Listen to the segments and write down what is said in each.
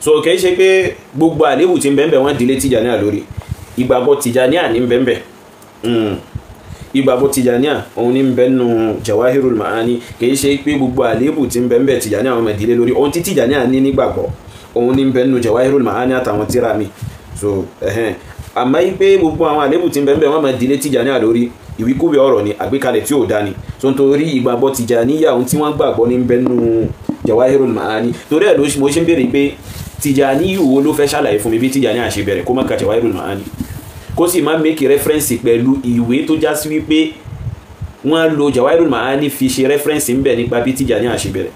so kì í ṣe pé gbogbo àléébù tí ń bẹ́ẹ̀ wọ́n dilé Tìjàníà lórí ìgbàgbọ́ Tìjàníà ní bẹ́ẹ̀ ìgbàgbọ́ Tìjàníà òun ní bẹ́ẹ̀ nù Jawahirul Ma'ani kì í ṣe pé gbogbo àléébù tí ń bẹ́ẹ̀ Tìjàníà wọ́n dilé lórí ohun tí Tìjàníà ní nígbàgbọ́ òun ní bẹ́ẹ̀ nù Jawahirul Ma'ani àtàwọn tíra mi so àmọ́ yí pé gbogbo àwọn àléébù tí ń bẹ́ẹ̀ wọ́n máa dilé Tìjàníà lórí ìwíkúwé ọ̀rọ̀ ni àgbékalẹ̀ tí ò dá ni so nítorí ìgbàgbọ́ Tìjàníyà ohun tí wọ́n gbàgbọ́ ní bẹ́ẹ̀ Jawahirul Maani torí ẹ̀ mo ṣe ń béèrè pé Tijani yìí ló fẹ́ ṣàlàyé fún mi bí Tijani àṣẹ kó má ka Jawahirul Maani kó sì má make reference pẹ̀lú ìwé tó já sí wípé wọ́n lo Jawahirul Maani fi ṣe reference ń bẹ̀ nípa bí Tijani àṣẹ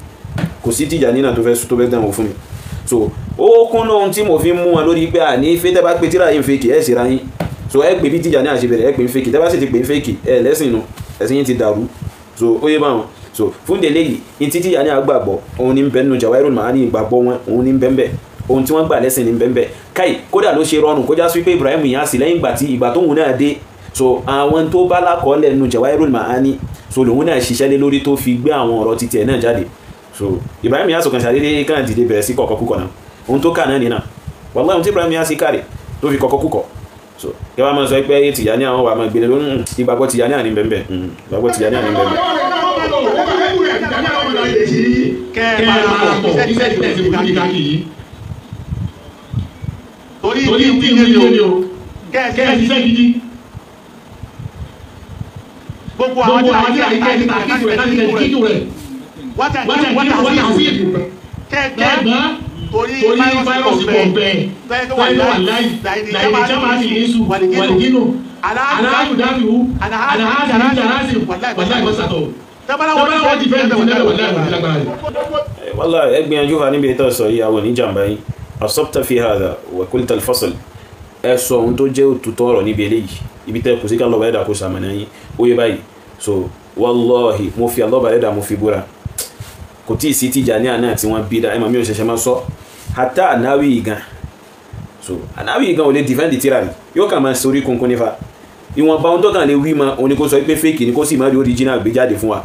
kò sí Tijani náà tó fẹ́ tó fẹ́ dánwò fún mi so ó kún lóhun tí mo fi mú wọn lórí pé àní fẹ́ tẹ́ bá pe tíra yín fèkì ẹ̀ sì ra yín so ẹ pè bí Tijani àṣẹ bẹ̀rẹ̀ ẹ pè ń fèkì tẹ́ bá sì ti pè ń fèkì ẹ lẹ́sìn nu ẹ̀sìn yín ti dàrú so ó yé báwọn so fún délé yìí ní títí yà ní òun ní bẹ́ẹ̀ nù Jawahirul Ma'ani ìgbàgbọ́ wọn òun ní bẹ́ẹ̀ bẹ́ẹ̀ ohun tí wọ́n gbà lẹ́sìn ní bẹ́ẹ̀ bẹ́ẹ̀ kódà ló ṣe rọrùn kó já sí pé Ibrahim yà sí lẹ́yìn ìgbà tí ìgbà tóun náà dé so àwọn tó bá lákọọ́lẹ̀ nù Jawahirul Ma'ani so lòun náà ṣiṣẹ́ lé lórí tó fi gbé àwọn ọ̀rọ̀ titi ẹ̀ náà jáde so Ibrahim Inyas kan ṣàdédé kan dìde bẹ̀rẹ̀ sí kọ̀kọ́ kúkọ̀ náà ohun tó kà Ibrahim Inyas kàrè tó fi kọ̀kọ́ kúkọ̀ so kí wọ́n máa sọ pé Tijani àwọn wà máa gbélé lónìí hmm, ìgbàgbọ́ Tijani àní bẹ́ẹ̀ bẹ́ẹ̀ hmm, ìgbàgbọ́ Tijani àní bẹ́ẹ̀ bẹ́ẹ̀ lọ ó bá ẹkú rẹ̀ tàbí àwọn ọmọdé lè ti kẹ́ ẹ máa pọ̀ iṣẹ́ ti tẹ̀sí wòlíì káàkiri. torí ìdí ìdí ìdí ni o kẹ́ ẹ ti sẹ́ gidi. gbogbo àwọn tí a ti kẹ́ ẹ ti tàkìtì rẹ̀ láti tẹ̀sí kíkì rẹ̀ wọ́n tẹ̀ kí wọ́n yà sí ìbò kẹ́ ẹ gbọ́n torí fáírọ́ọ̀sì pọ̀ bẹ́ẹ̀ fáírọ́ọ̀ láì láì jẹ́ máa ti ní sùn wàlíkínú aláàbùdábìwú aláàbùdábìwú wàláì wọ́sàtọ̀ tábàlà wọn lọ́wọ́ di fẹ́ẹ́ tẹ̀wọ̀n lẹ́wọ̀n lẹ́wọ̀n lágbára yìí. wàlá ẹ gbìyànjú fa níbi ìtọ́ sọ yìí àwọn oníjàmbá yìí asọ́pútà fi hàdà wàkúlítà fọ́sọ̀lì ẹ eh, sọ ohun tó jẹ́ òtútọ́ ọ̀rọ̀ níbi eléyìí ibi tẹ́ kù sí ká lọ́ba ẹ̀dà kó sàmánà yín ó yẹ báyìí so wàlọ́ọ̀hì mo fi àlọ́ba ẹ̀dà mo fi búra kò tí ì sí tìjà ní àná tí wọ́n bí dá ẹ̀mọ̀ mi ò ṣẹ̀ṣẹ̀ máa sọ hàtà ànáwì gan so ànáwì gan ò lè dìfẹ́ǹdì tíra yóò kà máa sorí kunkun nífa ìwọ̀nba ohun tó kàn lè wí mọ òun ni kó sọ pé fake ni kó sì má rí original gbé jáde fún wa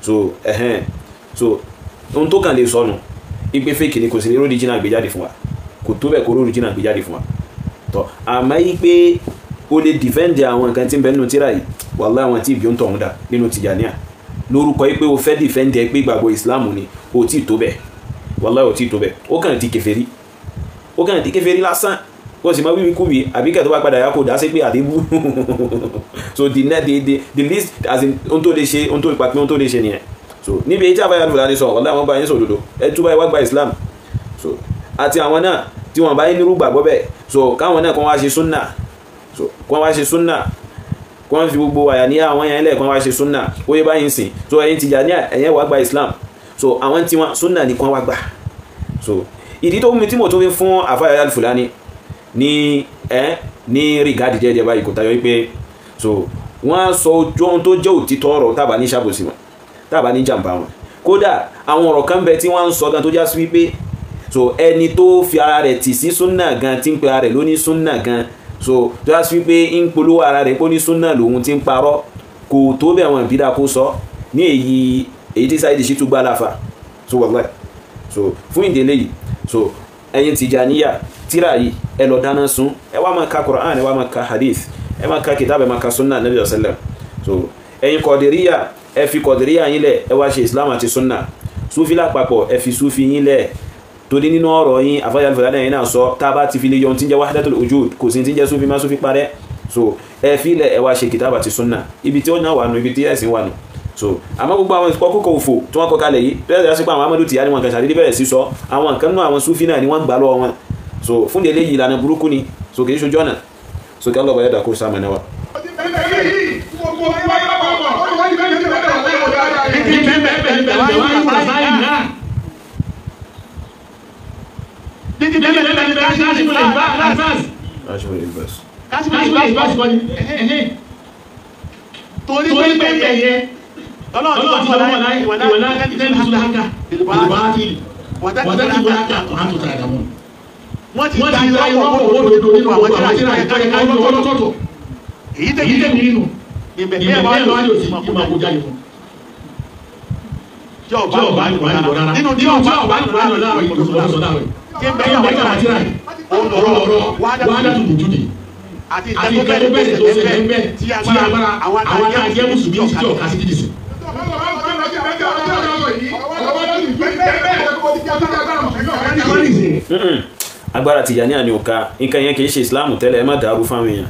so ẹhẹn so ohun tó kàn lè sọnù ipe fake ni kò sì ní original gbé jáde fún wa kò tó bẹ́ẹ̀ kó original gbé jáde fún wa tọ́ àmọ́ yí pé o lè defend àwọn nǹkan tí ń bẹ nínú tíra yìí wàhálà àwọn tí ìbí ń tọ̀hún dà nínú tìjànìyà lórúkọ yìí pé o fẹ́ defend ẹ pé ìgbàgbọ́ ìsìláàmù ni o tí ì tó bẹ́ẹ̀ wàhálà o tí ì tó bẹ́ẹ̀ ó kàn di kèfèrí ó kàn di kèfèrí lásán kó sì mọ wíwí kúwì àbí kẹ́ tó bá padà yá kó dá sí pé àdébù so the net the the the list as in ohun tó lè ṣe ohun tó ipa ohun tó lè ṣe nìyẹn so níbi èyí tí àbáyá nìfọ̀dá ni sọ ọ̀la àwọn báyìí sọ òdodo ẹ túbọ̀ ẹ wá gba Islam so àti àwọn náà tí wọn báyìí nírú gbàgbọ́ bẹ́ẹ̀ so káwọn náà kàn wá ṣe súnà so kàn wá ṣe súnà kàn fi gbogbo àyà ní àwọn yẹn lẹ̀ kàn wá ṣe súnà ó yẹ báyìí sìn so ẹ̀yin ti yà ní ẹ̀yẹn wá gba Islam so àwọn tí wọn súnà nìkan wá gbà so ìdí tó mú mi tí mo tó fi fún àfáà Yahya fulani ní ẹ ní rìgáàdì jẹ́jẹ́ báyìí kò tayọ wípé so wọ́n sọ ojú ohun tó jẹ́ òtítọ́ ọ̀rọ̀ tábà ní ṣàbòsí wọn tábà ní jàǹbá wọn kódà àwọn ọ̀rọ̀ kan bẹ tí wọ́n ń sọ gan tó já sí wípé so ẹni tó fi ara rẹ̀ tì sí súnà gan tí ń pe ara rẹ̀ lóní súnà gan so tó já sí wípé ń polówó ara rẹ̀ pé ní súnà lòun ti ń parọ́ kò tó bẹ̀ wọn ìbídà kó sọ ní èyí èyí tí sáyidì sí tún gbá láfa so wọ́n so fún ìdílé yìí so ẹ̀yin Tìjàníyà tíra yìí ẹ lọ dáná sun ẹ wá máa ka Quran ẹ wá máa ka hadith ẹ máa ka kitab ẹ máa ka sunna nabi sallam so ẹ̀yin kọ̀dìríyà ẹ fi kọ̀dìríyà yín lẹ̀ ẹ wá ṣe islam àti sunna sufi lápapọ̀ ẹ fi sufi yín lẹ̀ torí nínú ọ̀rọ̀ yín àfáyà alifàdà yín náà sọ tá a bá ti fi lè yọ ohun tí ń jẹ́ wahdatul wujud kò ti ń sufi ma sufi parẹ́ so ẹ fi lẹ̀ ẹ wá ṣe kitab àti sunna ibi tí ó náà ibi tí ẹ̀sìn wà so àmọ́ gbogbo àwọn ìkọ́ kókò òfò tí wọ́n kọ́ kalẹ̀ yìí bẹ́ẹ̀ sì pé àwọn amadu tìyá ni wọn kàn ṣàdédé bẹ̀rẹ̀ sí sọ àwọn nǹkan náà àwọn sufi náà ni wọ́n gbà lọ́wọ́ wọn so fún délé yìí ìlànà burúkú ni so kì í ṣojú ọ̀nà so kí ọlọ́ba yẹ̀dà kó sàmì náà wà. torí ti wọlé wọlé ká wàtá kí wọ́n ẹ̀ka mọ́ wọ́n ti da irọ́ pọ̀ mọ́ òdodo nínú àwọn tí àti àyíká ẹ̀ka ẹ̀ka ọlọ́tọ̀tọ̀ èyí tẹ̀ yí tẹ̀mí nínú ìbẹ̀rẹ̀ bẹ́ẹ̀ yóò sì máa kó jáde fún. tí ọba ọba àlùkò àlùkò rárá nínú tí ọba ọba àlùkò àlùkò rárá ìkòtò sọdá sọdá rẹ tí bẹ́ẹ̀ yà wáyà àti rà ọ̀rọ̀ ọ̀rọ̀ wàdà tó dùn jùdì àti ìtẹ́kọ̀ọ́ agbára Tìjàníyà ni ò ká nǹkan yẹn kì í ṣe islam tẹ́lẹ̀ ẹ má dàrú fáwọn èèyàn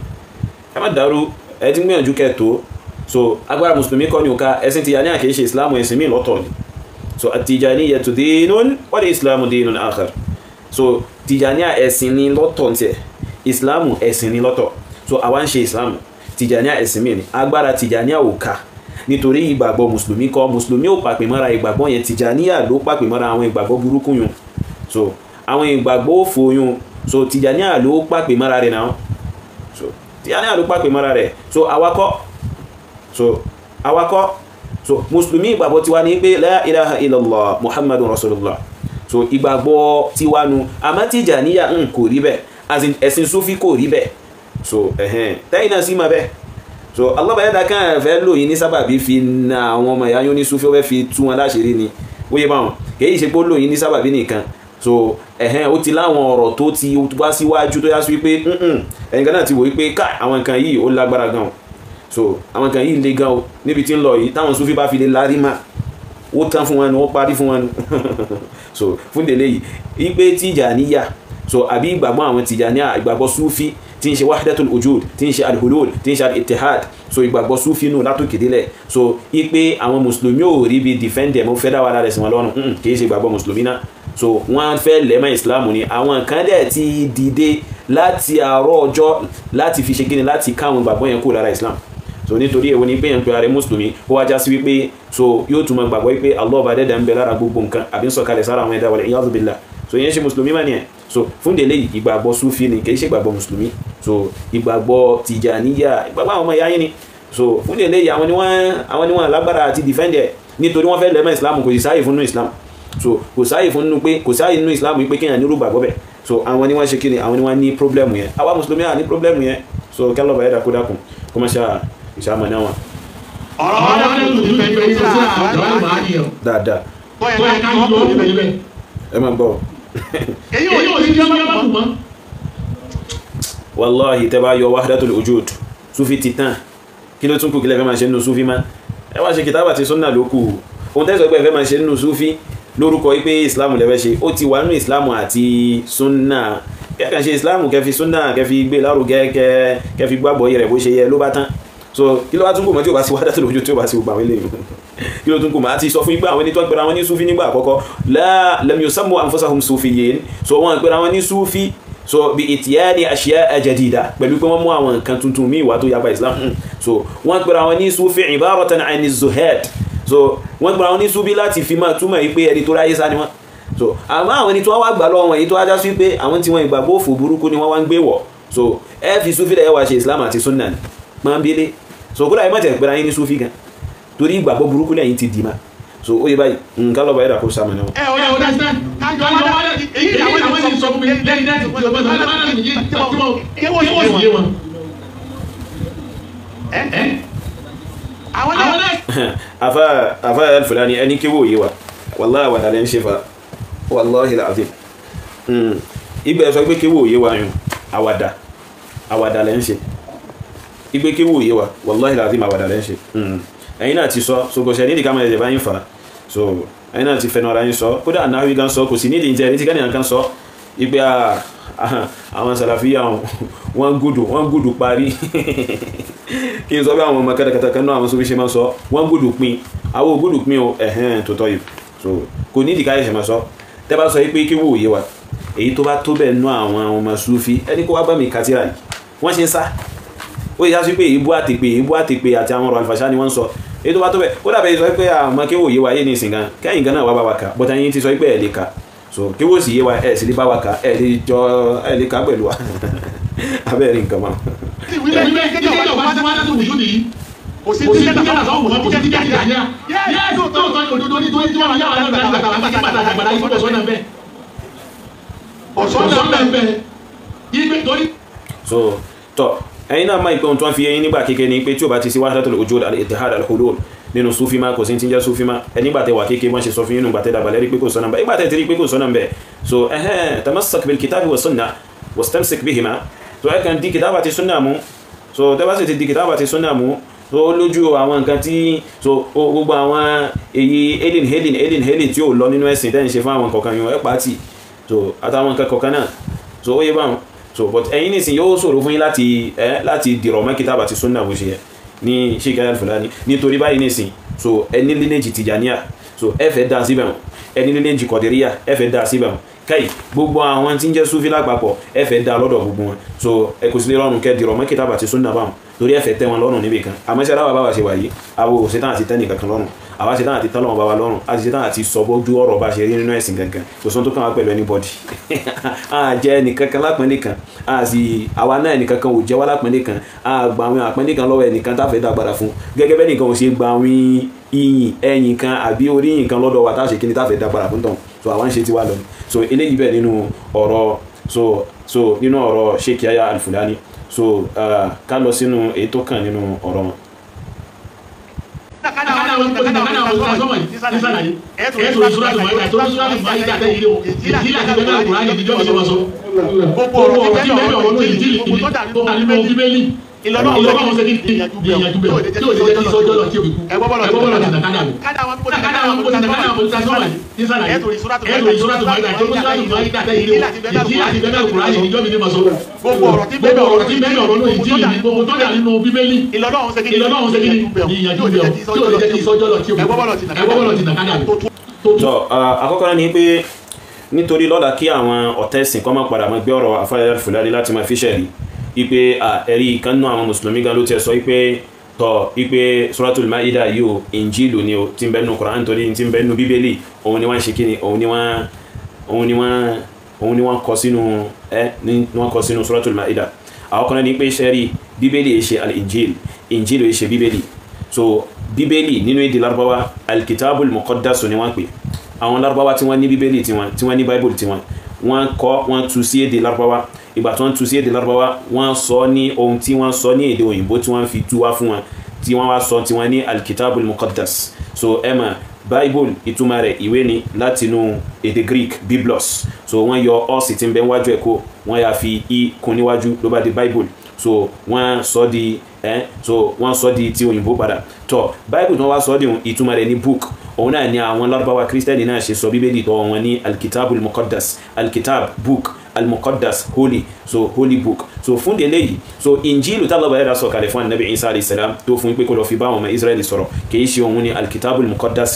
ẹ má dàrú ẹ ti gbìyànjú kẹtó so agbára mùsùlùmí kọ́ ni ò ká ẹ̀sìn Tìjàníyà kì ṣe islam ẹ̀sìn míì lọ́tọ̀ ni so At-Tijaniyatu dinun wal islamu dinun akhar so Tìjàníyà ẹ̀sìn ni lọ́tọ̀ tiẹ̀ islamu ẹ̀sìn ni lọ́tọ̀ so àwa ń ṣe islamu Tìjàníyà ẹ̀sìn míì ni agbára Tìjàníyà ò ká nítorí ìgbàgbọ́ mùsùlùmí kọ́ mùsùlùmí ò pàpè mọ́ra ìgbàgbọ́ yẹn Tìjàníyà ló pàpè mọ́ra àwọn ìgbàgbọ́ burúkú yun so àwọn ìgbàgbọ́ òfò oyún so tìjàníà ló pàpè mọ́ra rẹ̀ náà so tìjàníà ló pàpè mọ́ra rẹ̀ so awakọ́ so awakọ́ so mùsùlùmí ìgbàgbọ́ tiwa ní pé la ilaha illallah muhammadun rasulullah so ìgbàgbọ́ tiwa nu àmọ́ tìjàníà ń kò rí bẹ́ẹ̀ as in ẹ̀sìn sufi kò rí bẹ́ẹ̀ so ẹ̀hẹ́n tẹ́yìn náà sì máa bẹ́ẹ̀ so alábàáyédá kan fẹ́ lò yín ní sábàbí fi na àwọn ọmọ ìyá yóní sufi ó fẹ́ fi tú wọn láṣìírí ni ó yẹ báwọn kì í ṣe pé ó lò ní sábàbí nìkan so ẹ̀hẹ́n ó ti láwọn ọ̀rọ̀ tó ti wá síwájú tó yá sí wípé ẹnìkan náà ti wò wípé ká àwọn nǹkan yìí ó lágbára gan o so àwọn nǹkan yìí le gan o níbi tí ń lọ yìí táwọn sufi bá fi lè lárí mà ó tán fún wọn ni ó parí fún wọn ni so fún délé yìí wípé Tìjàníyà so àbí ìgbàgbọ́ àwọn Tìjàníyà ìgbàgbọ́ sufi tí ń ṣe wahdatul wujud tí ń ṣe alhulul tí ń ṣe al so ìgbàgbọ́ sufi nù látòkè délẹ̀ so ipe àwọn mùsùlùmí ò rí bi defend ẹ̀ mọ́ fẹ́ dá wàhálà rẹ̀ sí wọn lọ́rùn kì í ṣe ìgbàgbọ́ mùsùlùmí náà so wọ́n fẹ́ lẹ́mọ̀ ìsìláàmù ni àwọn kan dẹ̀ ti dìde láti àárọ̀ ọjọ́ láti fi ṣe kíni láti káwọn gbàgbọ́ yẹn kú lára ìsìláàmù so nítorí èwo ni pé yẹn pe ara mùsùlùmí ó wá já sí wípé so yóò tún máa gbàgbọ́ wípé Allah bá dẹ́dà ń bẹ lára gbogbo nǹkan àbí ń sọ̀kalẹ̀ sára àwọn ẹ̀dá wọlé iyadhu billah so yẹn ṣe mùsùlùmí mà nìyẹn so fún délé ìgbàgbọ́ sufi ni kì í ṣe ìgbàgbọ́ mùsùlùmí so ìgbàgbọ́ tìjàníyà ìgbàgbọ́ àwọn ọmọ ìyá yín ni so fún délé àwọn ni wọ́n àwọn ni wọ́n lágbára àti dìfẹ́ǹdẹ̀ nítorí wọ́n fẹ́ lẹ́mọ̀ ìsìlámù kò sì sáàyè fún nínú ìsìlámù so kò sáàyè fún nínú pé kò sáàyè nínú islam yìí pé kéèyàn nírú gbàgbọ́ bẹ̀ so àwọn ni wọ́n ṣe kíni àwọn ni wọ́n ní problem yẹn àwa mùsùlùmí à ní problem yẹn so kẹ́lọ́ bàyẹ̀ dàkú dàkú kó má ṣe ìṣàmọ̀ náà wọn. ọ̀rọ̀ wọn lọ́wọ́ ní tòun pé pé sísá ọ̀dọ́ àgbà á nìyẹn. dáadáa. tó yẹ ká gbọ́ ẹ máa gbọ́. èyí ò ní ti jẹ́ wàláhì tẹ́ bá yọ wahdatul wujud sufi titan kí ló tún kù kílẹ̀ fẹ́ máa ṣe nínú sufi má ẹ wá ṣe kìtàbà ti sunna lókù ohun tẹ́sọ̀ pé ẹ fẹ́ máa ṣe nínú sufi lórúkọ wípé ìsìláàmù lẹ́fẹ́ ṣe ó ti wà nínú ìsìláàmù àti súnà kẹ́kẹ́ ṣe ìsìláàmù kẹfi súnà kẹfi gbé e lárugẹ kẹ kẹfi gbàgbọ́ yẹrẹ bó ṣe yẹ ló bá tán so kí ló wá tún kò mọ́ tí o bá sí wádà tó lójú tí o bá sí gbogbo àwọn eléyìí kí ló tún kò mọ́ àti sọ fún yín àwọn ẹni tó gbéra ní súfì nígbà àkọ́kọ́ la lam yusammu anfusahum sufiyyin so wọn gbéra wọn ní súfì so bi itiyani ashiya jadida pẹ̀lú pé wọ́n mú àwọn nǹkan tuntun míì wá tó yapa Islam hmm. so wọ́n gbéra wọn ní súfì ibaratan ani zuhad so wọ́n gbọ́ra wọn ní súbí láti fi máa túmọ̀ yìí pé ẹni tó ráyé sá ni wọ́n so àmọ́ àwọn ẹni tí wọ́n wá gbà lọ́wọ́ wọn èyí tó wá já sí pé àwọn tí wọ́n ìgbàgbọ́ òfò burúkú ni wọ́n wá ń gbé wọ̀ so ẹ fi súfì lẹ́yẹ wá ṣe Islam àti sunna ni máa ń bílé so kódà ẹ mọ̀tẹ̀ pẹ̀lú ayé ní súfì gan torí ìgbàgbọ́ burúkú lẹ́yìn ti dì má so ó yẹ báyìí nǹkan lọ́ba ẹ̀dà kó sàmì náà. ẹ ò àwọn náà. afa afa alifulani ẹni kéwò yé wa wàláhì wàdà lẹ́yìn ṣe fa wàláhì làásì hmm. ibẹ̀ sọ pé kéwò yé wa yun àwàdà àwàdà lẹ́yìn ṣe igbe kéwò yé wa wàláhì làásì àwàdà lẹ́yìn ṣe hmm. ẹ̀yin náà ti sọ sọgbọ̀nsẹ̀ nídìí ká máa ẹ̀jẹ̀ bá yín fà á so ẹ̀yin náà ti fẹnu ara yín sọ kódà àná yín gan sọ kò sí nídìí ìjẹ́ ẹni tí kẹ́nìyàn kan sọ ìgbé a. Ah, àwọn sàlàfíà wọn gòdò wọn gòdò parí kí n sọ bí àwọn ọmọ kẹtẹkẹtẹ kan náà àwọn sọ fi ṣe máa sọ wọn gòdò pin àwọn ò pin o ẹ̀hẹ́n tó tọ́ yìí so kò ní ìdíkà ẹ̀ṣẹ̀ sọ tẹ́ bá sọ yìí pé kí wò yé wa èyí tó bá tó bẹ̀ nú àwọn ọmọ sufi ẹni kó wá bá mi kàtírà yìí wọ́n ṣe ń sá ó yẹ sásí pé ìbú àtìpé ìbú àtìpé àti àwọn ọ̀rọ̀ àlùfàṣà ni wọ́n ń sọ èyí tó bá tó bẹ̀ ó dàbẹ̀ sọ pé àwọn ọmọ kéwòye wa yé ní ìsìn gan kẹ́yìn gan náà wá bá wa kà bọ́tà yín ti sọ pé ẹ̀ lè kà so kí wọ́n sì yé wa ẹ̀ sì lè bá wa kà ẹ̀ lè jọ ẹ̀ lè kà pẹ̀lú wa abẹ́rẹ́ nǹkan mọ́. ìwé ìwé ìdíje ìjọba ti wá láti wùjú nìyí kò sí tí kẹta fọlá sọ́wọ́ mọ̀ kó jẹ́ dídí àjà yá yá tó tó tó òdodo ní tí wọ́n yà wà lọ́dọ̀ àgbàlagbà àgbàlagbà àgbàlagbà yìí fọ́dọ̀ sọ́nà bẹ́ẹ̀ ọ̀sọ́nà bẹ́ẹ̀ bẹ́ẹ̀ yí gbé torí. so tọ ẹ̀yin náà máa ìpẹ́ ohun tó ń fi ẹyin nígbà kéke ni pé tí o bá ti sí wáṣátò ojú al-ittihad al-hulul nínú sufima kò sí ti ń jẹ́ sufima ẹ nígbà tẹ wà kéke wọ́n ṣe sọ fún yín nígbà tẹ dàbàlẹ́ rí pé kò sọ́nà bẹ́ẹ̀ nígbà tẹ ti rí pé kò sọ́nà bẹ́ẹ̀ so ẹhẹ́n tamassak bil kitabi wa sunna wastamsik bihima so ẹ kàn di kitaba ti sunna mu so tẹ bá sì ti di kitaba ti sunna mu so ó lójú àwọn nǹkan tí so gbogbo àwọn èyí helen helen helen helen tí ò lọ nínú ẹ̀sìn tẹ́ ń ṣe fún àwọn kọ̀ọ̀kan yìí ẹ pàtì so àtàwọn nǹkan kọ̀ọ̀kan náà so ó yẹ báwọn so but ẹ̀yin eh, nísìn yóò ṣòro fún yín láti ẹ eh, láti dìrọ̀ mọ́ kitaaba àti sunna bó ṣe yẹ ní sheikh ayélujára fúlàní nítorí báyìí nísìn so ẹni lineage tijaniya so ẹ fẹ́ dá síbẹ̀ wọn ẹni lineage kọ̀dẹ̀ríyà ẹ fẹ́ dá síbẹ̀ wọn káyì gbogbo àwọn tí ń jẹ́ sufi lápapọ̀ ẹ fẹ́ dá gbogbo wọn so ẹ kò sí lè rọrùn kẹ́ dìrọ̀ mọ́ kitaaba àti sunna báwọn torí ẹ fẹ́ tẹ́ wọn lọ́rùn níbì àmọ́ sẹ́ra bá wa ṣe wà yìí àwọn àti tẹ́nì kankan lọ́rùn àwa ṣe tán àti tán lọ́wọ́ bá wa lọ́rùn a ṣe tán àti sọ bójú ọ̀rọ̀ bá ṣe rí nínú ẹ̀sìn gangan kò sóhun tó kàn wá pẹ̀lú anybody a jẹ́ ẹnìkankan lápẹ́ẹ́lẹ́ kan a sì àwa náà ẹnìkankan ò jẹ́ wá lápẹ́ẹ́lẹ́ kan a gba àwọn àpẹ́ẹ́lẹ́ kan lọ́wọ́ ẹnìkan táfẹ́ dàgbàdà fún gẹ́gẹ́ bẹ́ẹ̀ nìkan ò ṣe gba àwọn iyìn ẹ̀yìn kan àbí oríyìn kan lọ́dọ̀ wa táṣe kí ni táfẹ́ dàgbàdà fún tán so àwa ń ṣe tiwa lọ so eléyìí bẹ́ẹ̀ nínú ọ̀rọ̀ so so nínú ọ̀rọ̀ Sheikh Yahya Al-Fulani so ah, ká lọ sínú èyí tó kàn nínú ọ̀rọ̀ wọn kana wọ́n kó kana wọ́n sọ́wọ́ sọ́wọ́ yìí sísàlà yìí ẹ̀ẹ́dùn ìṣúra tó máa ń tó ìṣúra tó máa ń tàbí ilé o ìjìlá ti bẹ́ẹ̀ kúrò á yẹ ìdíjọ́ ìṣọ́wọ́sọ́ gbogbo ọ̀rọ̀ ọ̀rọ̀ tí ìlọ́nà àwọn ọmọ ṣe kí n gbìyànjú bẹ́ẹ̀ tí o lè jẹ́ kí sọ́jọ́ lọ tí o kú ẹgbọ́n bọ́lọ̀ ti nàkádà wò kádà wọn kó ti nàkádà wọn ti sọ́ọ̀lì ní sàlàyé ẹ̀tọ́ ìṣúra tó máa ń gbà tó ń sọ́ọ̀lì máa ń gbà tẹ́ ilé wò ìdí àti bẹ́ẹ̀ kúrò ayé ìjọ́ mi ní ma sọ wò. gbogbo ọ̀rọ̀ tí bẹ́ẹ̀ ọ̀rọ̀ nínú ìdí mi lọ tí o nítorí lọ́la kí àwọn ọ̀tẹ̀sìn kọ́ máa padà máa gbé ọ̀rọ̀ afárẹ́fúládé láti máa fi ṣẹ̀rí ipe ẹ̀rí ìkànnú àwọn mùsùlùmí gan ló ti sọ ipe tọ ipe suratul maida yìí o injilu ni o ti ń bẹ́nu Qur'an nítorí ti ń bẹ́nu bíbélì òun ni wọ́n ń ṣe kíni òun ni wọ́n kọ sínú ẹ ni wọ́n kọ sínú suratul maida àwọn kan ní pé sẹ́rí bíbélì yìí ṣe al-injil injilu yìí ṣe bíbélì so bíbélì nínú èdè Lárúbáwá al-kitabul muqaddas ni wọ́n pè àwọn Lárúbáwá tí wọ́n ní bíbélì tiwọn tí wọ́n ní bible tiwọn wọ́n kọ́ wọ́n tú sí èdè lárúbáwá ìgbà tí wọ́n tú sí èdè lárúbáwá wọ́n sọ ní ohun tí wọ́n sọ ní èdè òyìnbó tí wọ́n fi tú wá fún wọn tí wọ́n wá sọ tí wọ́n ní alkitabul muqaddas so emma bible ìtumọ̀ rẹ̀ ìwé ni látinú èdè greek biblos so wọ́n yọ ọ́ọ̀sì tí ń bẹ wájú ẹ̀ kó wọ́n yà fi i kún níwájú ló bá di bible so wọ́n sọ di ẹ so wọ́n sọ di ti òyìnbó padà tọ bible tí wọ́n wá sọ di ìtumọ̀ rẹ̀ ní book òun náà ni àwọn lárúbáwá kírísítẹ́nì náà ṣe sọ bíbélì tọ́ wọn ní alkitab al alkitab book al holy so holy book so fún délé yìí so injilu tá lọ́ba yẹra sọ kalẹ̀ fún anabi isa alayhi salam tó fún pé kó lọ fi bá àwọn ọmọ israẹli sọ̀rọ̀ kì í ṣe òun ní alkitab al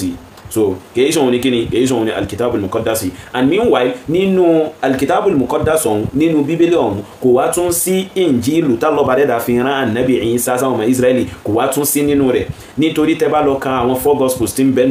yìí so kìí sọ̀hún ni kíni kìí sọ̀hún ni alikitabul muqaddas and meanwhile nínú alikitabul muqaddas ọ̀hún nínú bíbélì ọ̀hún kò wá tún sí injilu tálọ́ba dẹ́dà fi ran anabi Isa sáwọn ọmọ israẹli kò wá tún sí nínú rẹ̀ nítorí tẹ́ bá lọ ka àwọn four gospels tí ń bẹ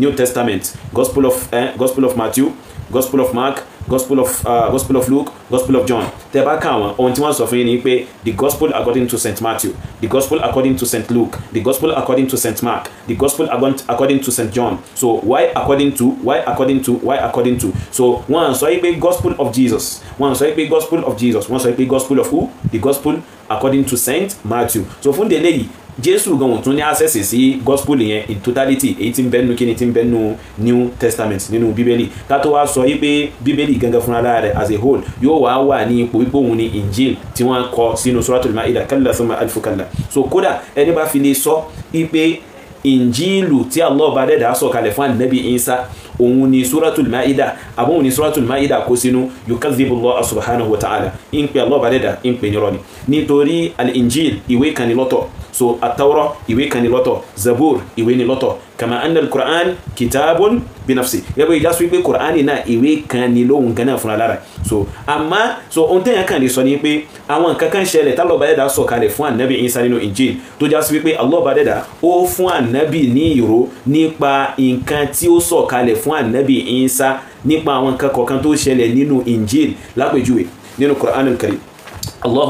new testament gospel of, eh, gospel of matthew gospel of mark gospel of uh, gospel of luke gospel of john tẹ́ bá kà wọ́n ohun tí wọ́n sọ fún yín ni pé the gospel according to st matthew the gospel according to st luke the gospel according to st mark the gospel according to st john so why according to why according to why according to so wọ́n sọ yìí pé gospel of jesus wọ́n sọ yìí pé gospel of jesus wọ́n sọ yìí pé gospel of who the gospel according to st matthew so fún délé yìí jésù gan ò tún ní access sí gospel yẹn in totality èyí tí ń bẹ́nu kí ni tí ń bẹ́nu new testament nínú bíbélì ká tó wá sọ wípé bíbélì gangan fúnra rẹ̀ as a whole yóò wá wà ní ipò wípé òun ni injil tí wọ́n kọ sínú suratul maida kalla thumma alfu kalla so kódà ẹni bá fi lè sọ wípé injilu tí allah bá dẹ́dà sọ kalẹ̀ fún anabi isa òun ni suratul maida àbọ̀n ni suratul maida kó sínú yukazibullah subhanahu wa ta'ala ń pè allah bá dẹ́dà ń pè nírọ̀ ni nítorí al injil ìwé kan ní lọ́tọ̀ so atawurọ ìwé kan ní lọ́tọ̀ zabur ìwé ní lọ́tọ̀ kama anna alukur'an kitaabun binafsi yàgbọ́ ìjà sọ pé kur'an náà ìwé kan ní lóhùn gan náà fúnra lára so àmọ́ so ohun tẹ́yàn kan lè sọ ni pé àwọn nǹkan kan ṣẹlẹ̀ tá lọ́ba dẹ́dà sọ kalẹ̀ fún anabi isa nínú injil tó já sí pé alọ́ba dẹ́dà ó fún anabi ní ìró nípa nǹkan tí ó sọ kalẹ̀ fún anabi isa nípa àwọn nǹkan kọ̀ọ̀kan tó ṣẹlẹ̀ nínú injil lápèjúwe nínú kur'an al-karim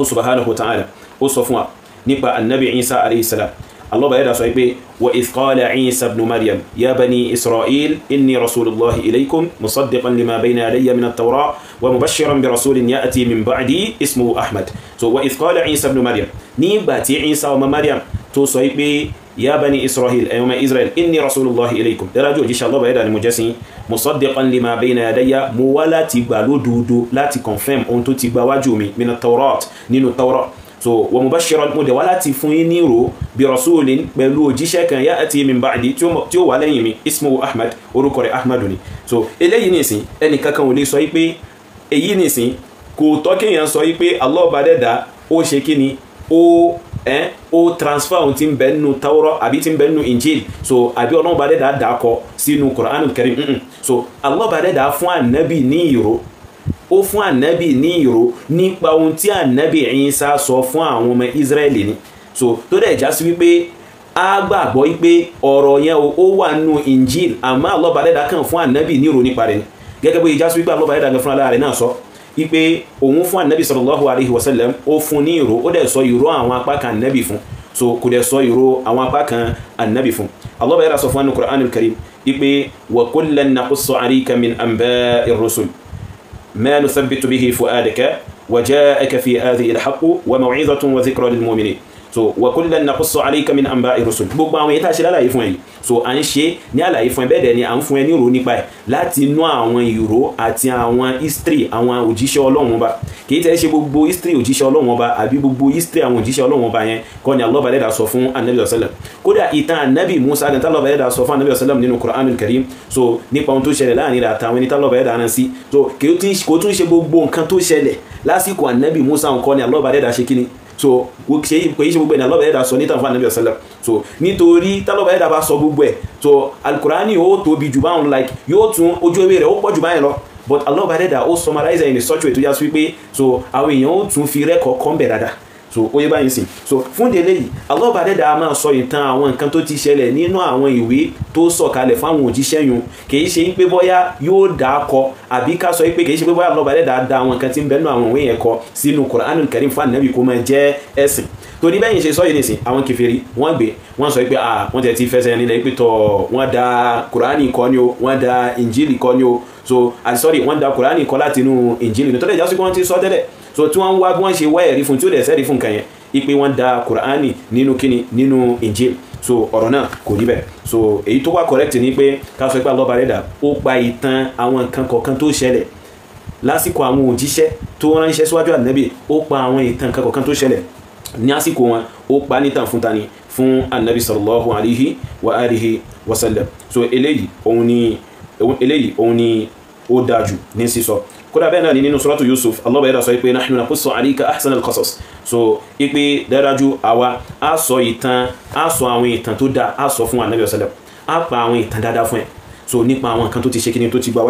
subhanahu wa ta'ala ó sọ fún wa nípa anabi isa alayhi salam allah bàyẹ̀ dà sọ pé wa idh qala isa ibn maryam ya bani israel inni rasulullah ilaykum musaddiqan lima bayna yadayya min at-tawra wa mubashiran bi rasulin ya'ti min ba'di ismuhu ahmad so wa is qala isa ibn maryam nígbà tí isa ọmọ maryam tó sọ pé يا بني إسرائيل أي أيما إسرائيل إني رسول الله إليكم دراجو جيش الله بيدا المجسين مصدقا لما بين يدي مولا تبالو دودو لا تكونفيم أنتو تباواجو من التوراة نينو التوراة so wa mubashiran mo dẹ̀ wá láti fún yín ní ro bí rasulin pẹ̀lú òjíṣẹ́ kan ya'ti min ba'di tí ó wà lẹ́yìn mi ismu ahmed orúkọ rẹ̀ ahmed ni so eléyìí nìsín ẹnìkankan ò lè sọ pé èyí nìsín kò tọ́ kéèyàn sọ pé Allah bá dẹ́dà ó ṣe kí ni ó ẹ ó transfer ohun tí ń bẹ nínú tawrọ àbí tí ń bẹ nínú injil so àbí Allah bá dẹ́dà dà kọ sínú Qur'anul Karim so Allah bá dẹ́dà fún ànábì ní ìró ó fún ànábì ní ìró nípa ohun tí ànábì Ìsá sọ fún àwọn ọmọ Ísírẹ́lì ni so tó dẹ̀ já sí wípé a gbàgbọ́ wípé ọ̀rọ̀ yẹn ó wà nù Injil àmọ́ àlọ́ba dẹ́dà kan fún ànábì ní ìró nípa rẹ̀ ni gẹ́gẹ́ bó yẹ já sí wípé àlọ́ba dẹ́dà kan fún aláàrẹ̀ náà sọ wípé òun fún ànábì sallallahu alaihi wasallam ó fún ní ìró ó dẹ̀ sọ ìró àwọn apá kan ànábì fún so kò dẹ̀ sọ ìró àwọn apá kan ànábì fún àlọ́ba dẹ́dà sọ fún ànú Qur'anul Karim wípé wa kullan naqussu alayka min anba'ir ما نثبت به فؤادك وجاءك في هذه الحق وموعظة وذكرى للمؤمنين so wa kullan naqussu alayka min anba'i rusul gbogbo àwọn yẹn tá a ṣe lálàyé fún so à ń ṣe ní àlàyé fún ẹ bẹ́ẹ̀ dẹ̀ ni à ń fún ẹ ní ìró nípa ẹ̀ láti inú àwọn ìró àti àwọn history àwọn òjíṣẹ́ ọlọ́run ọba kìí tẹ́ ṣe gbogbo history òjíṣẹ́ ọlọ́run ọba àbí gbogbo history àwọn òjíṣẹ́ ọlọ́run ọba yẹn kọ́ ni Allah bàdẹ́dà sọ fún anabi ọ̀sẹ̀lẹ̀ kódà ìtàn anabi musa àti Allah bàdẹ́dà sọ fún anabi ọ̀sẹ̀lẹ̀ nínú Qur'anul Karim so nípa ohun tó ṣẹlẹ̀ láàrin rẹ̀ àtàwọn ẹni tí Allah rán sí so kò tún ṣe gbogbo nǹkan tó ṣẹlẹ̀ lásìkò anabi musa nǹkan ni Allah bàdẹ́dà ṣe kíni so kì í ṣe gbogbo ẹ̀ náà lọ́bàá ẹ̀dá sọ níta fún anabi ọ̀sẹ̀lẹ̀ so nítorí tálọ́bàá ẹ̀dá bá sọ gbogbo ẹ̀ so alukurani yóò tóbi jù báwọn like yóò tún ojú ewé rẹ̀ ó pọ̀ jù báyẹn lọ but alọ́bàá ẹ̀dá ó summarize in such way tó yá sí wípé so àwọn èèyàn ó tún fi rẹ́kọ̀ọ́ kọ́ ń bẹ̀ dáadáa so ó yẹ báyìí sìn so fún délé yìí Allah bá dẹ́dà máa sọ ìtàn àwọn nǹkan tó ti ṣẹlẹ̀ nínú àwọn ìwé tó sọ̀kalẹ̀ fáwọn òjíṣẹ́ yun kì í ṣe pé bọ́yá yóò dà á kọ àbí ká sọ pé kì í ṣe pé bọ́yá Allah bá dẹ́dà da àwọn nǹkan tí ń bẹ nínú àwọn ìwé yẹn kọ sínú Qur'anul Karim fún ànábì kó máa jẹ́ ẹ̀sìn torí bẹ́yìn ṣe sọ yìí nìsín àwọn kèfèrí wọ́n gbé wọ́n sọ pé ah wọ́n tẹ̀ ti fẹsẹ̀ nílẹ̀ pé tọ̀ wọ́n da Qur'ani kọ́ ni o wọ́n da Injili kọ́ ni o so àti sọ́ọ̀rì wọ́n da Qur'ani kọ́ látinú Injili nítorí ìjásí pé wọ́n ti sọ tẹ́lẹ̀ so tí wọ́n ń wá bí wọ́n ṣe wá ẹ̀rí fún tí ó dẹ̀ sẹ́rí fún nǹkan ipe wọ́n da kùránì nínú kíni nínú injil so ọ̀rọ̀ náà kò rí so èyí tó wà correct ni pé ká sọ pé alọ́ba rẹ̀dà ó pa ìtàn àwọn nǹkan kọ̀ọ̀kan tó ṣẹlẹ̀ lásìkò àwọn òjíṣẹ́ tó ránṣẹ́ síwájú ànábì ó pa àwọn ìtàn nǹkan kọ̀ọ̀kan tó ṣẹlẹ̀ ní àsìkò wọn ó pa nítàn fún tani fún anabi sallallahu alayhi wa alihi wa so eléyìí òun ni eléyìí òun ni ó dájú ní sísọ kódà bẹ́ẹ̀ náà ni nínú suratu yusuf Allah bá sọ pé nahnu naqussu alayka ahsan al-qasas so ipe dáradájú àwa á sọ ìtàn á sọ àwọn ìtàn tó dáa á sọ fún anabi ọ̀sẹ̀lẹ̀ á pa àwọn ìtàn dáadáa fún ẹ̀ so nípa àwọn nǹkan tó ti ṣe kíni tó ti gba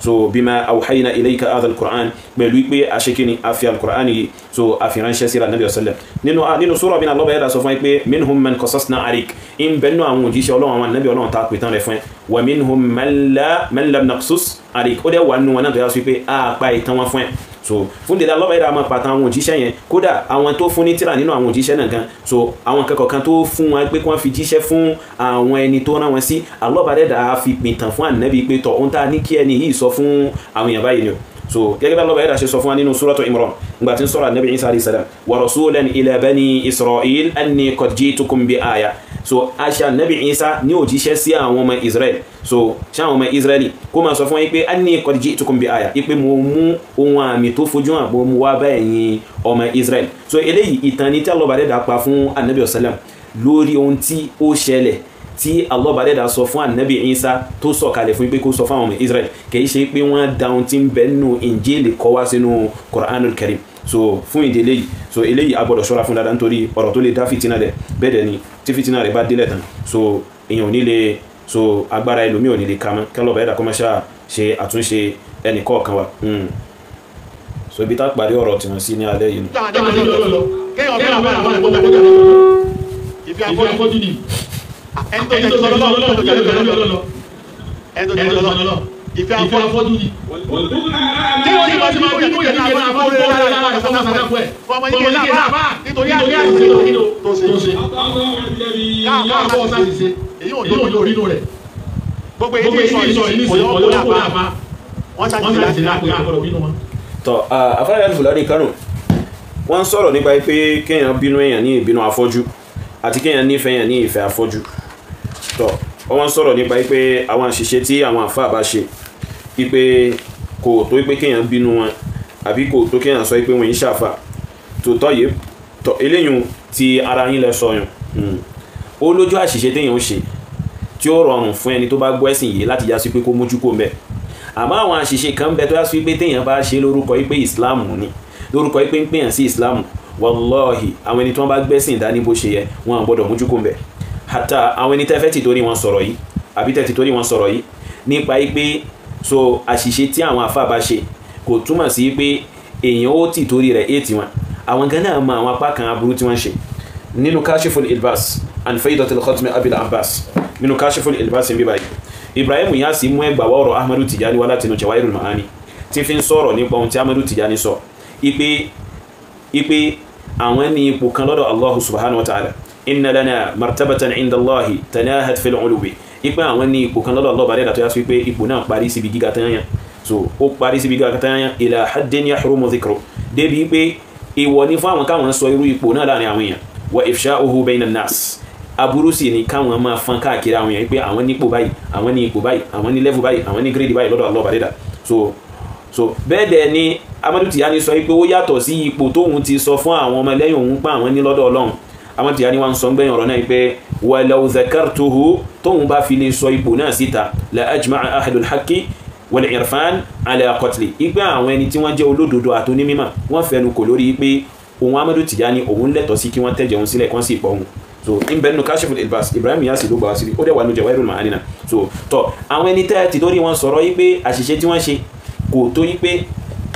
so bima awhayna ilayka hadha al-Qur'an pẹ̀lú pé aṣekini àfi al-Qur'an yìí so àfihànṣẹ́ síra nabi ọ̀sẹ̀lẹ̀ nínú nínú sura mi náà lọ́bàá yẹ́dà sọ fún ẹ pé minhum man qasasna alayk ń bẹ nínú àwọn òjíṣẹ́ ọlọ́run àwọn nabi ọlọ́run ta pè tán rẹ fún wa minhum man lam naqsus alayk ó dẹ́ wà nínú wọn náà tó yà sọ pé àpá ìtàn wọn so fún dídá lọ́ba ìdá máa pàtàkì àwọn òjíṣẹ́ yẹn kódà àwọn tó fún ní tíra nínú àwọn òjíṣẹ́ náà gan so àwọn kẹ́kọ̀ọ́ kan tó fún wọn pé kí wọ́n fi jíṣẹ́ fún àwọn ẹni tó rán wọn sí alọ́ba dẹ́dà fi pìntàn fún ànábì pé tọ̀ ohun tá a ní kí ẹni yìí sọ fún àwọn èèyàn báyìí ni o so gẹ́gẹ́ bá lọ́ba ẹ̀dá ṣe sọ fún wa nínú suratu imran ngba tí ń sọ̀rọ̀ ànábì isa alayhi salam wa rasulan ila bani isra'il anni qad jitukum bi aya so aṣa nabi isa ní òjíṣẹ́ sí àwọn ọmọ israel so ṣe àwọn ọmọ Israel. kó máa sọ fún yín pé a ní qad ji'tukum bi aya ipe mo mú ohun àmì tó fojú hàn bó mu wá báyìí ọmọ israel so eléyìí ìtàn ní tí alọ́bàdẹ́ dà pa fún anabi ọ̀sálàm lórí ohun tí ó ṣẹlẹ̀ tí alọ́bàdẹ́ dà sọ fún anabi isa tó sọ kalẹ̀ fún pé kó sọ fún àwọn ọmọ israel kì í ṣe pé wọ́n dáhùn tí ń bẹ́ẹ̀ nù injili kọ́ wá sínú Qur'anul Karim so fún ìdí eléyìí so eléyìí a gbọ́dọ̀ ṣọ́ra fún dáadáa nítorí ọ̀rọ̀ tó lè dá fìtínà rẹ̀ bẹ́ẹ̀ dẹ̀ tí fìtínà rẹ̀ bá délẹ̀ tán so èèyàn ò ní lè so agbára ẹlòmíì ò ní lè ka mọ́ kí ọlọ́ba ẹ̀dá kọ́ máa ṣáà ṣe àtúnṣe ẹnì kọ̀ọ̀kan wa hmm. so ibi tá a parí ọ̀rọ̀ tiwọn sí ní alẹ́ yìí. ibi afọ́jú ni ẹni tó jẹ́ ìṣòro lọ́wọ́ ìfẹ́ afọ́jú ni. tí wọ́n ti bá ti máa jẹ́ kí ìyẹn náà fọ́ ọ́ lára lára rẹ̀ fọ́nà fọ́nà fọ́ ẹ̀. fọmọ yìí kìí láàbà nítorí àgbẹ̀ àti ìlú tó ṣe. káàkó àbọ̀ ọ̀sán ti ṣe èyí ò lórí nínú rẹ̀. gbogbo èyí sọ ìsọ ìní sí ọ̀yọ́ kó wọ́n ń sọ̀rọ̀ nípa pé kéèyàn bínú èèyàn ní ìbínú afọ́jú àti kéèyàn nífẹ̀ẹ́ èèyàn ní ìfẹ́ afọ́jú tọ́ wọ́n ń sọ̀rọ̀ nípa pé àwọn àṣìṣe tí àwọn àfáà bá ṣe wípé kò tó pé kéèyàn bínú wọn àbí kò tó kéèyàn sọ pé wọn ń ṣàfà tòótọ́ yìí tọ́ eléyìí ti ara yín lẹ sọ yùn hmm. ó lójú àṣìṣe téèyàn ó ṣe tí ó rọrùn fún ẹni tó bá gbọ́ ẹ̀sìn yìí láti já sí pé kó mójú kó mbẹ́ àmọ́ àwọn àṣìṣe kan bẹ tó yá sí pé téèyàn bá ṣe lórúkọ yìí pé ìsìláàmù ni lórúkọ yìí pé ń pèyàn sí ìsìláàmù wàlọ́ọ̀hì àwọn ẹni tí wọ́n bá gbẹ́sìn dání bó ṣe yẹ wọn àgbọ́dọ̀ mójú kó mbẹ́ hàtà àwọn ẹni tẹ́fẹ́ tìtorí wọn sọ̀rọ̀ yìí àbí tẹ́ wọn sọ̀rọ̀ yìí nípa yìí pé so àṣìṣe tí àwọn afa bá ṣe kò túmọ̀ sí pé èèyàn ó tì torí rẹ̀ èètì wọn àwọn gan náà mọ àwọn apá kan aburú tí wọ́n ṣe nínú kashiful ilbas and faydatul khatmi abil abbas nínú kashiful ilbas ń bí báyìí ibrahim yasi mú ẹgbàá wọ́ọ̀rọ̀ ahmadu tijani wá látinú jawairul maani tí fi ń sọ̀rọ̀ nípa ohun tí ahmadu tijani sọ ipe ipe àwọn ní ipò kan lọ́dọ̀ allahu subhanahu wa ta'ala inna lana martabatan inda allahi tanahat fil ulubi ipe àwọn ní ipò kan lọ́dọ̀ Allah bàdẹ́dà tó yá sí pé ipò náà parí síbi gíga tán yàn so ó parí síbi gíga tán yàn ila haddin yahrumu dhikru débi pé ìwọ ní fún àwọn káwọn sọ irú ipò náà láàrin àwọn èèyàn wa ifsha'uhu bayna an-nas aburú sì ni káwọn máa fọn káàkiri àwọn èèyàn pé àwọn ní ipò báyìí àwọn ní ipò báyìí àwọn ní level báyìí àwọn ní grade báyìí lọ́dọ̀ Allah bàdẹ́dà so so bẹ́ẹ̀ dẹ̀ ni Amadu Tijani sọ pé ó yàtọ̀ sí ipò tóun ti sọ fún àwọn ọmọ lẹ́yìn òun pa àwọn ní lọ́dọ̀ Ọlọ́run àwọn tìyà ni wọ́n sọ gbẹ̀yìn ọ̀rọ̀ náà pé walaw dhakartuhu tóun bá fi lè sọ ipò náà síta la ajma'a ahadul haqqi wal irfan ala qatli ipe àwọn ẹni tí wọ́n jẹ́ olódodo àtúnímímọ̀ wọ́n fẹnu kò lórí pé òun Amadu Tijani òun lẹ́tọ̀ọ́ sí kí wọ́n tẹ̀jẹ̀ òun sílẹ̀ kán sì pọ̀ òun so n bẹ nínú kashifu ilbas ibrahim yasi ló gba wá sí ó dẹ̀ wà lójú ẹwẹ́rún màá nínà so tọ àwọn ẹni tẹ́ ti lórí wọn sọ̀rọ̀ yí pé àṣìṣe tí wọ́n ṣe kò tó yí pé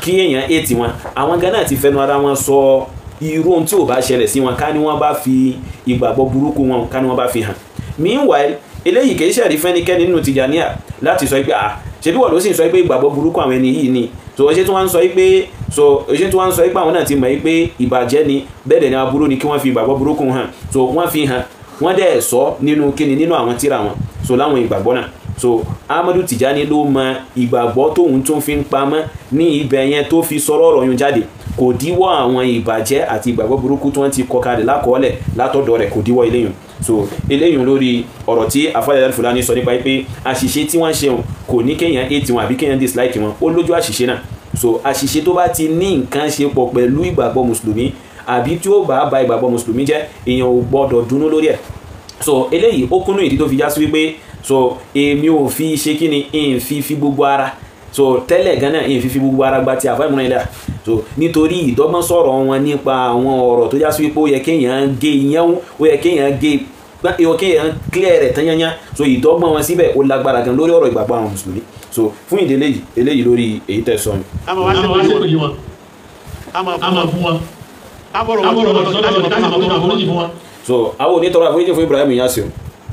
kí èèyàn èètì wọn àwọn gan ti fẹnu ara wọn sọ irú ohun tí ò bá ṣẹlẹ̀ sí wọn ká ní wọ́n bá fi ìgbàgbọ́ burúkú wọn ká ní wọ́n bá fi hàn meanwhile eléyìí kì í ṣẹ̀rí fẹ́nikẹ́ni nínú tìjàníà láti sọ pé ah ṣebí wọ́n ló sì ń sọ pé ìgbàgbọ́ burúkú àwọn ẹni yìí ni so ṣé tí wọ́n ń sọ pé so ṣé tí wọ́n ń sọ pé àwọn náà ti mọ̀ pé ìbàjẹ́ ni bẹ́ẹ̀ dẹ̀ ni aburú ni kí wọ́n fi ìgbàgbọ́ burúkú hàn so wọ́n fi hàn wọ́n dẹ̀ sọ nínú kíni nínú àwọn tíra wọn so láwọn ìgbàgbọ́ náà so Amadu Tijani ló mọ ìgbàgbọ́ tóun tún fi ń pamọ́ ní ibẹ̀ yẹn tó fi sọ̀rọ̀ ọ̀rọ̀ yun jáde kò díwọ́ àwọn ìbàjẹ́ àti ìgbàgbọ́ burúkú tí wọ́n ti kọ kalẹ̀ lákọọ́lẹ̀ látọ̀dọ̀ rẹ̀ kò díwọ́ eléyìí so eléyìí lórí ọ̀rọ̀ tí afáyàdá Fúlàní sọ nípa pé àṣìṣe tí wọ́n ń ṣeun kò ní kéèyàn hate wọn àbí kéèyàn dislike wọn ó lójú àṣìṣe náà so àṣìṣe tó bá ti ní nǹkan ṣe pọ̀ pẹ̀lú ìgbàgbọ́ mùsùlùmí àbí tí ó bá ba ìgbàgbọ́ mùsùlùmí jẹ́ èèyàn ò gbọ́dọ̀ dunú lórí ẹ̀ so eléyìí ó kúnnú ìdí tó fi já sí wípé so èmi ò fi ṣe kí ni n fi fi gbogbo ara so tẹ́lẹ̀ gan náà n fi fi gbogbo ara gba ti àfa ìmúra so nítorí ìdọ́gbọ́n sọ̀rọ̀ wọn nípa àwọn ọ̀rọ̀ tó já sí pé ó yẹ kéèyàn gé ìyẹn ó yẹ kéèyàn gé ìwọ kéèyàn clear rẹ̀ tán yányá so ìdọ́gbọ́n wọn síbẹ̀ ó lágbára gan lórí ọ̀rọ̀ ìgbàgbọ́ àwọn mùsùlùmí so fún ìdí eléyìí eléyìí lórí èyí tẹ̀ sọ so àwọn onítọ̀rọ̀ àforíjì fún Ibrahim Inyas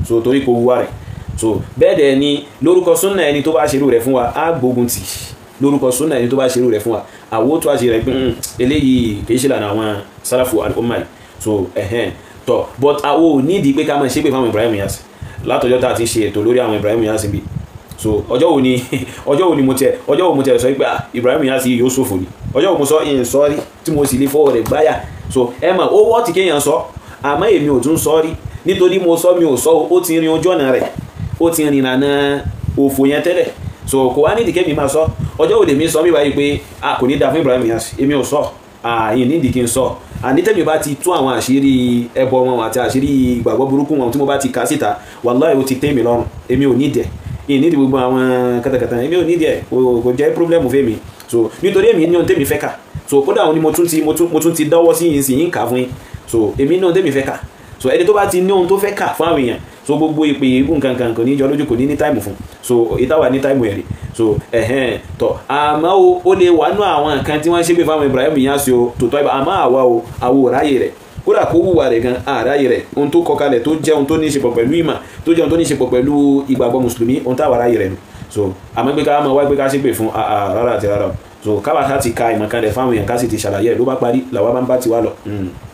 so torí kò wúwa rẹ̀ so bẹ́ẹ̀ dẹ̀ ni lórúkọ súnà ẹni tó bá ṣerú rẹ̀ fún wa á gbógun tì lórúkọ súnà ẹni tó bá ṣerú rẹ̀ fún wa àwo tó a ṣe rẹ̀ gbìn hmm, eléyìí kì ṣe lànà àwọn sálàfù àlùkòmá yìí so ẹ̀hẹ́n tọ̀ but àwo nídìí pé ká máa ṣépè fáwọn Ibrahim Inyas látọjọ́ tá a ti ṣe ètò lórí àwọn Ibrahim Inyas bíi so ọjọ́ wo ni ọjọ́ wo ni mo tẹ ọjọ́ wo mo tẹ sọ pé ah, Ibrahim Inyas yóò ṣòfò ni ọjọ́ wo mo sọ ìyẹn sọ tí mo sì lè fọwọ́ rẹ̀ gbáyà so ẹ mà ó wọ́ọ̀tì kéèyàn sọ àmọ́ èmi ò tún sọ rí nítorí mo sọ mi ò sọ ó ti rin ojú ọ̀nà rẹ̀ ó ti rìn ìlànà òfò yẹn tẹ́lẹ̀ so kò wá nídìí kẹ́mi máa sọ ọjọ́ òde mi sọ bíbáyìí pé a kò ní da fún Ibrahim Inyas èmi ò sọ àyìn nídìí kí n sọ ànítẹ́mi bá ti tú àwọn àṣírí ẹbọ wọn àti àṣírí ìgbàgbọ́ burúkú wọn tí mo bá ti kà síta wàláhì ó ti tẹ́ mi lọ́rùn èmi ò nídìí èmi nídìí gbogbo àwọn kàtàkàtà èmi ò nídìí kò jẹ́ pírọ́blẹ́mù fẹ́mi so nítorí èmi ní ohun tẹ́mi fẹ́ kà so kódà òun ni mo tún ti dáwọ́ sí yìí sì yín kà fún yín so èmi ní ohun tẹ́mi fẹ́ kà so ẹni tó bá ti ní ohun tó fẹ́ kà fún àwọn èèyàn so gbogbo ìpè yìí nǹkan kan kò ní jọ lójú kò ní ní táìmù fún so ìtawà ní táìmù ẹ̀rí so ẹ̀hẹ́n tọ́ àmọ́ o ó lè wà nú àwọn nǹkan tí wọ́n ṣe pé fáwọn Ibrahim yẹn ṣe o tòótọ́ ibà àmọ́ àwa o àwo ráyè rẹ̀ kódà kó wùwà rẹ̀ gan àráyè rẹ̀ ohun tó kọkalẹ̀ tó jẹ́ ohun tó ní í ṣe pọ̀ pẹ̀lú ìmọ̀ tó jẹ́ ohun tó ní í ṣe pọ̀ pẹ̀lú ìgbàgbọ́ mùsùlùmí ohun táwa ráyè rẹ̀ nù so àmọ́ pé ká máa wá pé ká ṣépè fún rárá àti rárá o so kábàtà ti ka ìmọ̀ kan rẹ̀ fáwọn èèyàn ká sì ti ṣàlàyé ẹ̀ ló bá parí làwa bá ń bá tiwa lọ. Hmm.